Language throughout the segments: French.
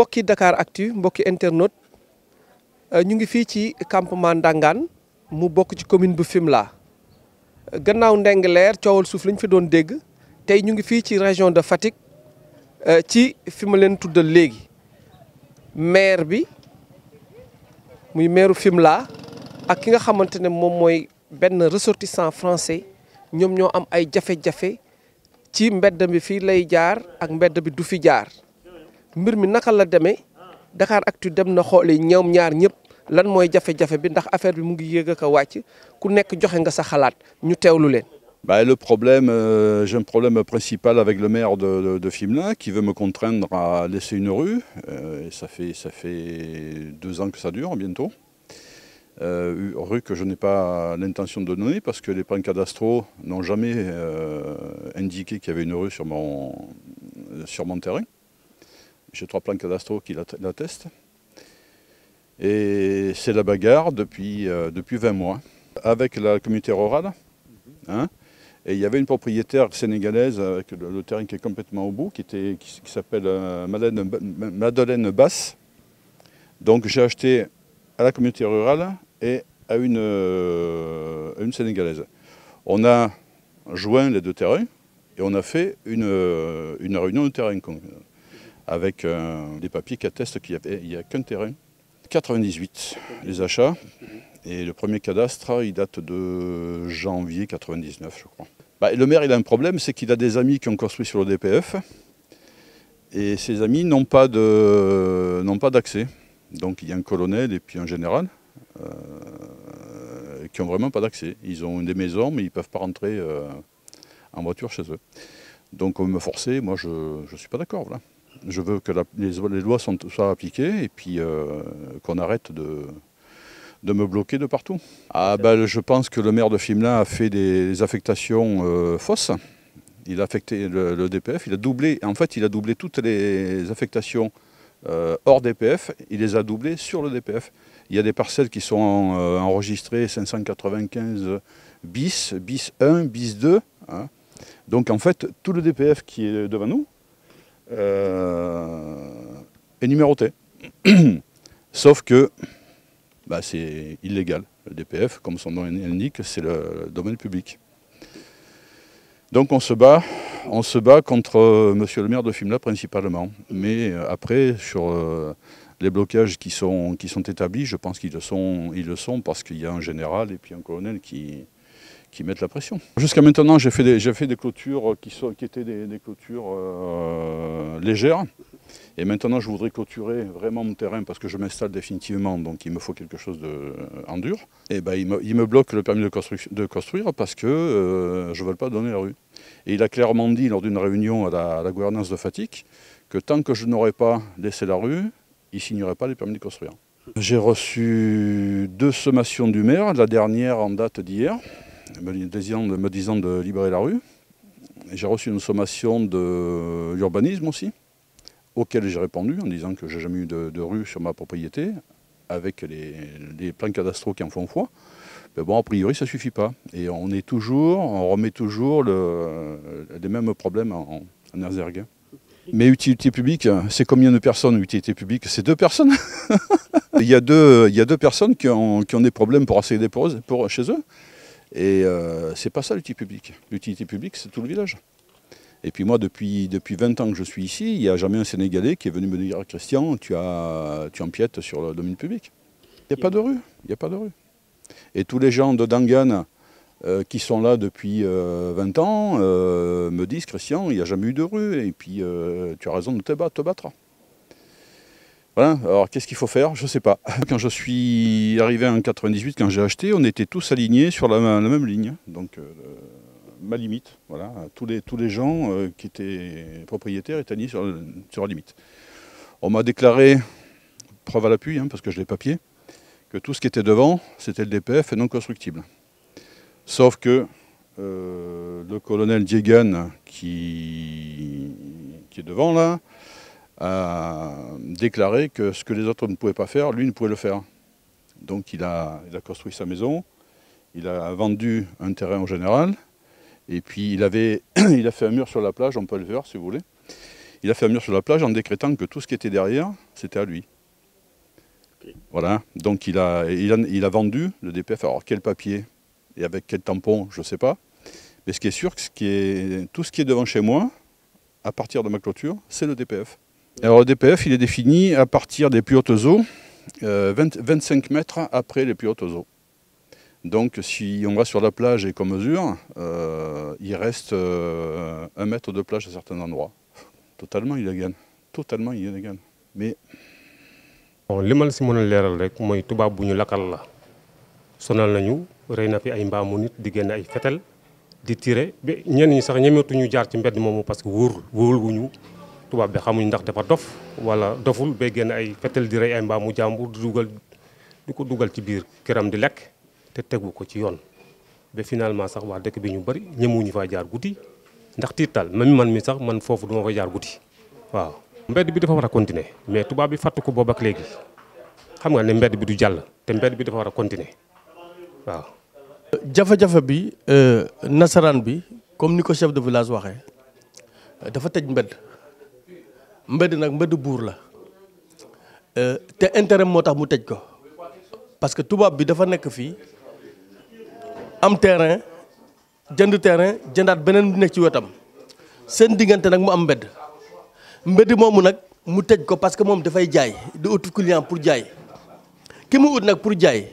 mbokki Dakar active mbokki internet euh, ñu ngi fi ci campement dangan mu bok ci commune bu Fimela gannaaw leer coowal suuf liñ fi doon deg tay ñu ngi fi ci région de fatik euh, ci fima film leen tuddal legi maire bi muy maireu Fimela ak ki nga xamantene mom moy ben ressortissant français ñom ñoo am ay jafe-jafe ci mbedd bi fi lay jaar ak mbedd bi du fi jaar le problème, euh, j'ai un problème principal avec le maire de, Fimla qui veut me contraindre à laisser une rue. Euh, et ça, fait, ça fait deux ans que ça dure bientôt. Euh, rue que je n'ai pas l'intention de donner parce que les plans cadastraux n'ont jamais indiqué qu'il y avait une rue sur mon, sur mon terrain. J'ai trois plans cadastraux qui l'attestent. Et c'est la bagarre depuis, euh, depuis 20 mois avec la communauté rurale. Mhm. Hein, et il y avait une propriétaire sénégalaise avec le, terrain qui est complètement au bout, qui, qui, s'appelle euh, Madeleine, Basse. Donc j'ai acheté à la communauté rurale et à une, euh, une sénégalaise. On a joint les deux terrains et on a fait une, une réunion de terrain avec euh, des papiers qui attestent qu'il n'y a, qu'un terrain. 98, les achats. Mhm. Et le premier cadastre, il date de janvier 99, je crois. Bah, le maire, il a un problème, c'est qu'il a des amis qui ont construit sur le DPF. Et ces amis n'ont pas d'accès. Donc il y a un colonel et puis un général euh, qui n'ont vraiment pas d'accès. Ils ont des maisons, mais ils ne peuvent pas rentrer euh, en voiture chez eux. Donc on me forcer, moi je ne suis pas d'accord. Voilà je veux que les, lois soient appliquées et puis euh, qu'on arrête de, me bloquer de partout. Ah ben, je pense que le maire de Fimelin a fait des, affectations euh, fausses. Il a affecté le, DPF, il a doublé, en fait il a doublé toutes les affectations euh, hors DPF, il les a doublées sur le DPF. Il y a des parcelles qui sont enregistrées 595 bis, bis 1, bis 2. Hein. Donc en fait, tout le DPF qui est devant nous, euh, est numéroté. Sauf que bah, c'est illégal. Le DPF, comme son nom l'indique, c'est le domaine public. Donc on se bat, on se bat contre euh, Monsieur le maire de Fimla principalement. Mais euh, après, sur les blocages qui sont, qui sont établis, je pense qu'ils le sont, le sont parce qu'il y a un général et puis un colonel qui, qui mettent la pression. Jusqu'à maintenant, j'ai fait, fait, des clôtures qui, sont, qui étaient des, clôtures euh, légères. Et maintenant, je voudrais clôturer vraiment mon terrain parce que je m'installe définitivement, donc il me faut quelque chose de, en dur. Et eh ben, il, me, bloque le permis de, construire parce que euh, je ne veux pas donner la rue. Et il a clairement dit lors d'une réunion à la, gouvernance de Fatigue que tant que je n'aurais pas laissé la rue, il ne signerait pas les permis de construire. J'ai reçu deux sommations du maire, la dernière en date d'hier, me disant, me disant de libérer la rue. J'ai reçu une sommation de l'urbanisme aussi, auquel j'ai répondu en disant que j'ai jamais eu de, rue sur ma propriété, avec les, les plans cadastraux qui en font foi. Mais bon, a priori, ça ne suffit pas. Et on est toujours, on remet toujours les mêmes problèmes en, en Mais utilité publique, c'est combien de personnes Utilité publique, c'est deux personnes. il, y a deux, il y deux personnes qui ont, des problèmes pour accéder pour, chez eux. Et euh, c'est pas ça l'utilité publique. L'utilité publique, c'est tout le village. Et puis moi, depuis, depuis 20 ans que je suis ici, il n'y a jamais un Sénégalais qui est venu me dire « Christian, tu, as, tu empiètes sur le domaine public ». Il n'y a pas de rue, il n'y a pas de rue. Et tous les gens de Dangan euh, qui sont là depuis 20 euh, ans me disent « Christian, il n'y a jamais eu de rue, et puis tu as raison de te te battre ». Voilà. Alors qu'est-ce qu'il faut faire Je ne sais pas. Quand je suis arrivé en 98, quand j'ai acheté, on était tous alignés sur la, même ligne. Donc euh, ma limite, voilà. Tous les, gens euh, qui étaient propriétaires étaient alignés sur, la limite. On m'a déclaré, preuve à l'appui, hein, parce que je l'ai papier, que tout ce qui était devant, c'était le DPF et non constructible. Sauf que euh, le colonel Diegan, qui est devant là, a déclaré que ce que les autres ne pouvaient pas faire, lui ne pouvait le faire. Donc il a, construit sa maison, il a vendu un terrain au général, et puis il, avait, il a fait un mur sur la plage, on peut le faire si vous voulez. Il a fait un mur sur la plage en décrétant que tout ce qui était derrière, c'était à lui. Voilà, donc il a, vendu le DPF. Alors quel papier et avec quel tampon, je ne sais pas. Mais ce qui est sûr, ce tout ce qui est devant chez moi, à partir de ma clôture, c'est le DPF. Alors le DPF, il est défini à partir des plus hautes eaux, 25 euh, mètres après les plus hautes eaux. Donc si on va sur la plage et qu'on mesure, euh, il reste euh, un mètre de plage à certains endroits. Totalement illégal. Totalement illégal. Mais... a tubaab bi xamuñ ndax dafa dof wala doful bay génn ay fetal di rey ay mu jàmbur di dugal di ko dugal ci biir këram di lekk te tegu ko ci yoon ba finalement sax waa dëkk bi ñu bëri ñemuñu faa jaar guddi ndax tiital même man mi sax man foofu duma fa jaar guddi waaw mbedd bi dafa war a continuer mais tubaab bi fàttu ko boobu ak léegi xam nga ne mbedd bi du jàll te mbedd bi dafa war a continuer waaw jafe-jafe bi euh, nasaraan bi comme ni ko chef de village waxee dafa tëj mbedd mbedd nak mbedd bour la eh, te intérêt motax mu tejj ko parce que tubaab bi dafa nek fi am terrain jënd terrain jëndat benen bu nek ci wétam seen digënté nak mu am mbedd mbedd momu nak mu tejj ko parce que da fay jaay du out client pour jaay ki mu out nak pour jaay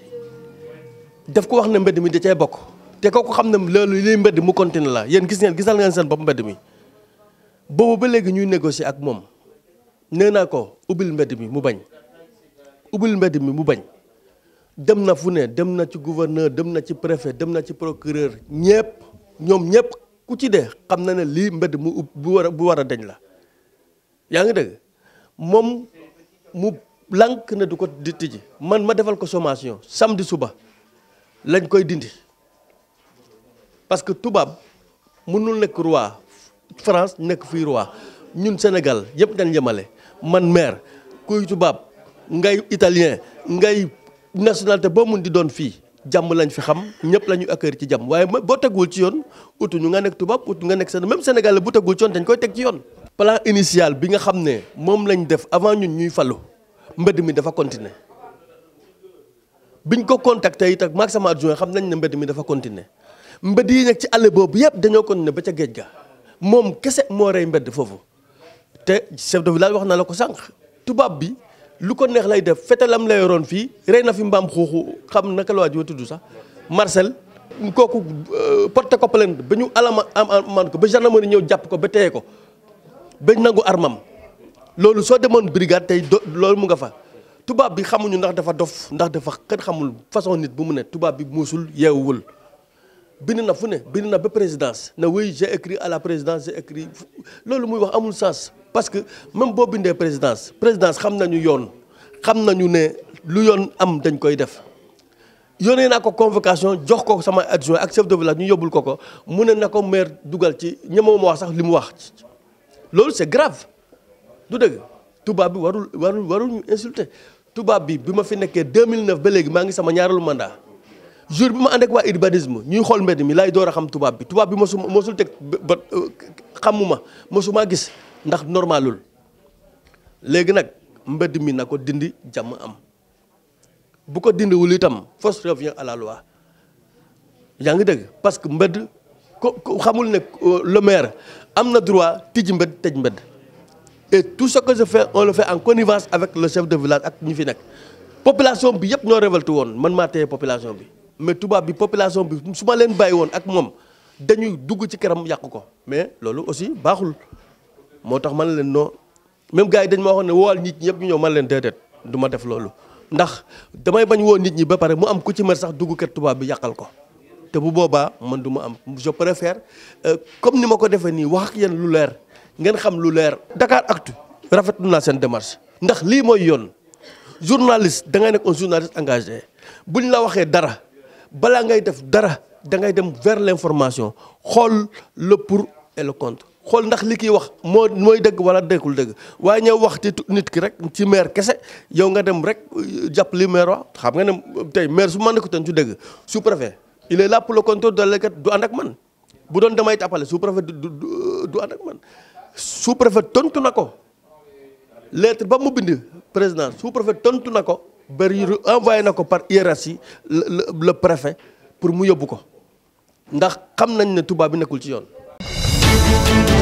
daf ko wax ne mbedd mi da cey bok te koku xamna lolu li liy mbedd mu continue la yeen gis ngeen gisal ngeen seen bop mbedd mi bobu ba légui ñuy négocier ak mom Nenako ubil ko ubil mbedd mi mu bañ ubil mbedd mi mu bañ dem na fu ne dem na ci gouverneur dem na ci préfet dem na ci procureur ñepp ñom ñepp ku ci de xam na ne li mbedd mu bu wara dañ la ya nga deug mom mu lank na du ko di man ma defal ko sommation samedi suba lañ koy dindi parce que tubaab mënul nek roi France nek fi roi ñun Sénégal yépp dañ man maire kuy tubaab ngay italien ngay nationalité boo mun di doon fii jàmm lañ fi xam ñëpp la ñu accueillir ci jàmm waaye boo tegul ci yoon utu ñu nga nekk tubaab utu nga nekk seen même sénégalais bu tegul ci yoon dañ koy teg ci yoon. plan initial bi nga xam ne moom lañ def avant ñun ñuy falu mbedd mi dafa continuer biñ ko contacté it ak maag sama adjoint xam nañ ne mbedd mi dafa continuer mbedd yi nekk ci àll boobu yëpp dañoo continuer ba ca géej ga moom kese moo rey mbedd foofu. te chef de village wax na la ko sànq tubaab bi lu ko neex lay def fetalam lay yoroon fii rey na fi mbaam xuuxu xam naka la waa ji sax Marcel kooku euh, porté ko plainte ba ñu alama amaan ko ba gendarmerie ñëw jàpp ko ba téye ko ba nangu armam loolu soo demoon brigade tey do loolu mu nga fa tubaab bi xamuñu ndax dafa dof ndax dafa kenn xamul façon nit bu mu ne tubaab bi muusul yeewul bind na fu ne bind na ba présidence na oui j'ai écrit à la présidence j'ai écrit loolu muy wax amul sens parce que même bo bindé présidence présidence xamna ñu yoon xamna ñu ne lu yoon am dañ koy def yónnee naa ko convocation jox ko sama adjoint ak chef de village ñu yobul ko ko mu ne na ko maire dugal ci ñemewu mo wax sax limu wax loolu c'est grave du deug tubaab bi warul warul warul ñu insulter tubaab bi bima fi nekké 2009 ba légui ma ngi sama ñaaralu mandat jour bima ma ànd ak waa urbanisme ñuy xol mbéd mi lay doora xam tubaab bi tubaab bi mosul mosul tek euh, xamuma mosuma gis ndax normalul légui nak mbedd mi nako dindi jàmm am bu ko dindiwul itam force revient à la loi yaa ngi parce que mbedd ko xamul nak euh, le maire amna droit tij mbedd tej mbedd et tout ce que je fais on le fait en connivence avec le chef de village ak ñi fi nak population bi yëpp ñoo révolté won man ma téye population bi mais tubaab bi population bi suma len bayiwon ak mom dañuy dugg ci këram yàq ko mais lolu aussi baxul moo tax man leen noo même gars yi dañ ma waxoon ne woowal nit ñi yëpp ñu ñëw man leen déedéet du ma def loolu ndax damay bañ woo nit ñi ba pare mu am ku ci mën sax dugg kat tubaab bi yàqal ko te bu boobaa man du ma am je préfère euh, comme ni ma ko defee nii wax ak yéen lu leer ngeen xam lu leer. dakar actu rafetlu naa seen démarche ndax lii mooy yoon journaliste da ngay nekk un journaliste engagé buñ la waxee dara balaa ngay def dara da ngay dem vers l'information xool le pour et xool ndax li kiy wax moo mooy dëgg wala dëggul dëgg waaye ñëw wax ci nit ki rek ci maire kese yow nga dem rek euh, jàpp li maire wax xam nga ne tey maire su ma ne ko tan su dëgg sous préfet il est là pour le du ànd man bu doon damay tapale sous préfet du euh, du ànd ak man tontu na ko lettre ba mu bind président sous préfet tontu na ko bari envoyé na ko par hiérarchie le préfet pour mu yóbbu ko ndax xam nañ ne tubaab bi nekkul ci yoon.